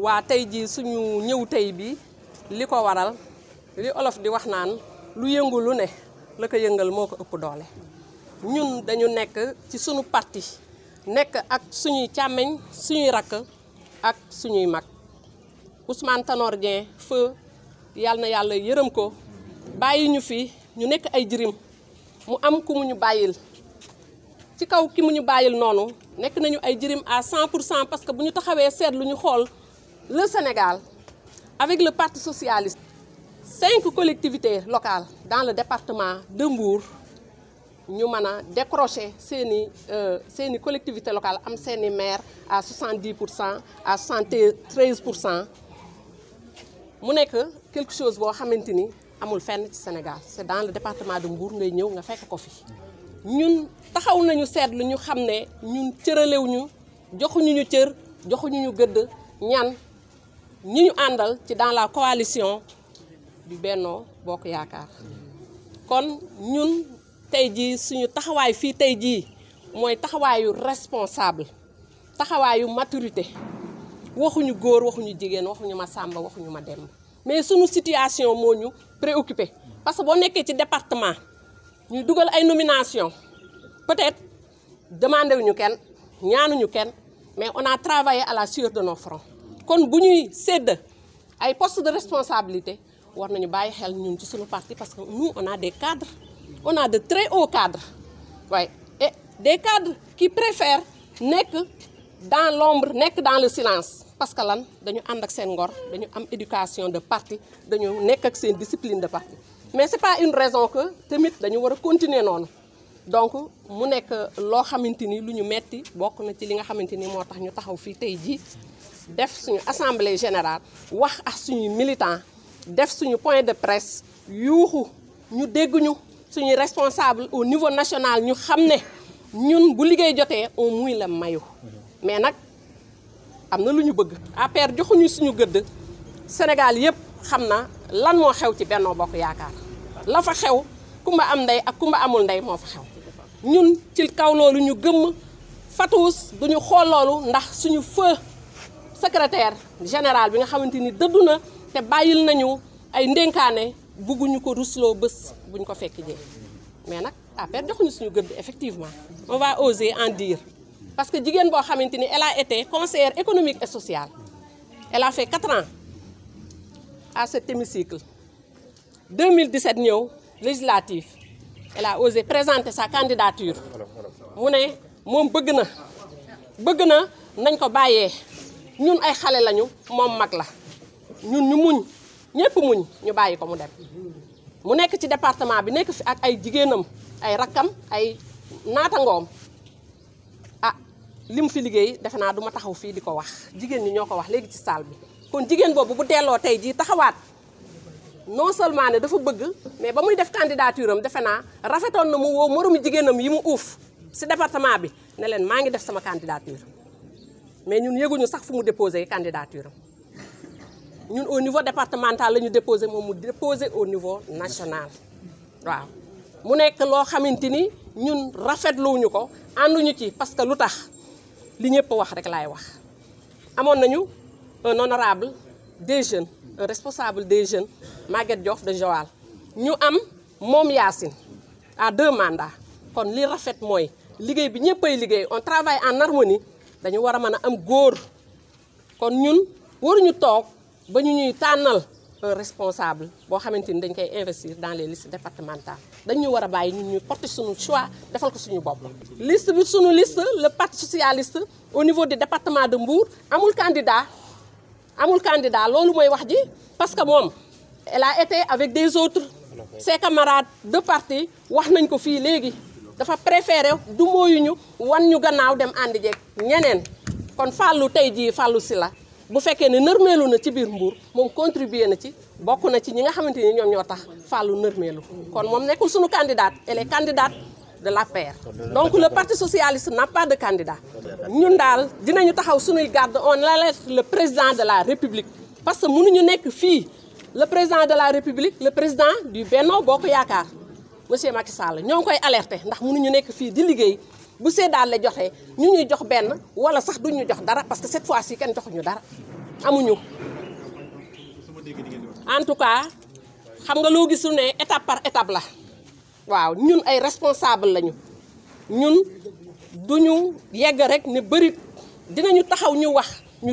wa tay ji suñu ñew tay bi liko waral li olof di wax naan lu yëngu lu ne la ko yëngal moko ko ëpp doole ñun dañu nekk ci suñu parti nekk ak suñu chamagne suñu rak ak suñu mak, Ousmane Tanor fe yalna yal na ko bayyi ñu fi ñu nekk ay jirim mu am ku mu ñu bayil ci kaw ki mu ñu bayil nonu nekk nañu ay jirim a 100 parce que buñu taxawé sét seetlu ñu le Sénégal, avec le Parti socialiste, cinq collectivités locales dans le département de Mbour ñu c'est une euh, collectivité locale am seen maire à 70 à 13 pour mu quelque chose boo xamante ni amul fenn ci Sénégal c'est dans le département de Mbour ngay fait nga fekk ko fi ñun taxaw nañu seetlu ñu xamné ñun cëralewuñu joxuñu ñu cër joxuñu ñu gëdd ñan ñi ñu andal ci dans la coalition du Benno Bokk yaakar kon ñun tey jii suñu taxaway fi tey jii mooy taxawaayu responsable taxawayu maturité waxuñu goor waxuñu jigéen waxuñu ma Samba waxuñu ma dem mais suñu situation moo ñu préoccupé parce que bo nekkee ci département ñu duggal ay nomination peut-être demandé wuñu kenn ñaanuñu kenn mais on a travaillé à la sueur de nos fronts kon bu ñuy ay postes de responsabilité war nañu bàyyi xel ñun ci suñu parti parce que nous on a des cadres on a de très hauts cadres waaye ouais. et des cadres qui préfèrent nekk dans l'ombre nekk dans le silence parce que lan dañu and ak sen ngor dañu am éducation de parti dañu nekk ak sen discipline de parti mais c'est pas une raison que tamit dañu wara continuer non. donc mu nekk lo xamanteni luñu metti bokku na ci li nga xamanteni motax ñu taxaw fi tay ji def suñu assemblée général wax ak suñu militant def suñu point de presse yuuxu ñu dégguñu ñu suñu responsable au niveau national ñu xam ne ñun bu liggéey jotee on mouille le maillot mais nag am na lu ñu bëgg APR joxuñu suñu gëdd Sénégal yëpp xam na lan moo xew ci bennoo Bokk Yaakaar la fa xew kumba am ndey ak kumba amul ndey moo fa xew ñun ci kaw loolu ñu gëmm fatuus duñu xool loolu ndax suñu feu secrétaire général bi nga xamante ni dëddu Bayil nous bàyyil nañu ay nous bugguñu ko rusloo nous buñ ko fekk jee mais nag après joxuñu suñu gëdd effectivement on va oser en dire parce que jigéen boo xamante elle a été conseillère économique et sociale elle a fait 4 ans à cet hémicycle 2017 nous, législatif elle a osé présenter sa candidature mu ne moom bëgg na bëgg na nañ ko ñun ay xale lañu moom mag la ñun ñu muñ ñëpp muñ ñu bàyyi ko mu dem mu nekk ci département bi nekk fi ak ay jigéenam ay rakkam ay naatangoom ah li mu fi liggéey defe naa du ma taxaw fii di ko wax jigéen ñi ñoo ko wax léegi ci salle bi kon jigéen boobu bu teeloo tey jii taxawaat non seulement ne dafa bëgg mais ba muy def candidature am defe naa rafetoon na mu woo moromu jigéenam yi mu uuf si département bi ne leen maa ngi def sama candidature mais nous yëguñu sax fu mu déposer candidature Nous ñun au niveau départemental nous déposer, déposé nous mu déposé au niveau national waaw mu avons loo xamante ni ñun rafetluwuñu ko ànduñu ci parce que lu tax li ñëpp wax rek laay wax amoon nañu un honorable des jeunes un responsable des jeunes Maguette Diouf de Joal Nous am Mom Yassine, à deux mandats kon li rafet mooy liggéey bi ñëppay liggéey on travaille en harmonie dañu wara mëna am goor kon ñun waruñu toog ba ñu ñuy tanal un responsable bo xamanteni dañ koy investir dans les listes départementales dañu wara a ñun porter suñu choix defal ko suñu bop liste bi suñu liste le parti socialiste au niveau du département de Mbour amul candidat amul candidat lolu moy wax ji parce que mom elle a été avec des autres ses camarades de parti wax nañ ko fi légui dafa préféré du mooyuñu wan ñu gannaaw dem ànd jeeg ñeneen kon fàllu tey jii fàllu si la bu fekkee ne nërmeelu na ci biir mbuur moom contribué na ci bokk na ci ñi nga xamante ni ñoom ñoo tax fàllu nërmeelu kon moom nekkul suñu candidate elle est candidate de la paire donc le parti socialiste n'a pas de candidat ñun daal dinañu taxaw suñuy garde on alerte le président de la république parce que mënuñu nekk fii le président de la république le président du Benno Bokk Yaakaar monsieur Macky nous ñong nous alerté ndax nous sommes fi di sommes bu nous la ñu ñuy jox parce que cette fois ci nous joxuñu dara amuñu. en tout cas xam nga étape par étape Nous sommes ñun Nous responsable lañu ñun duñu yegg rek ne dinañu taxaw ñu wax ñu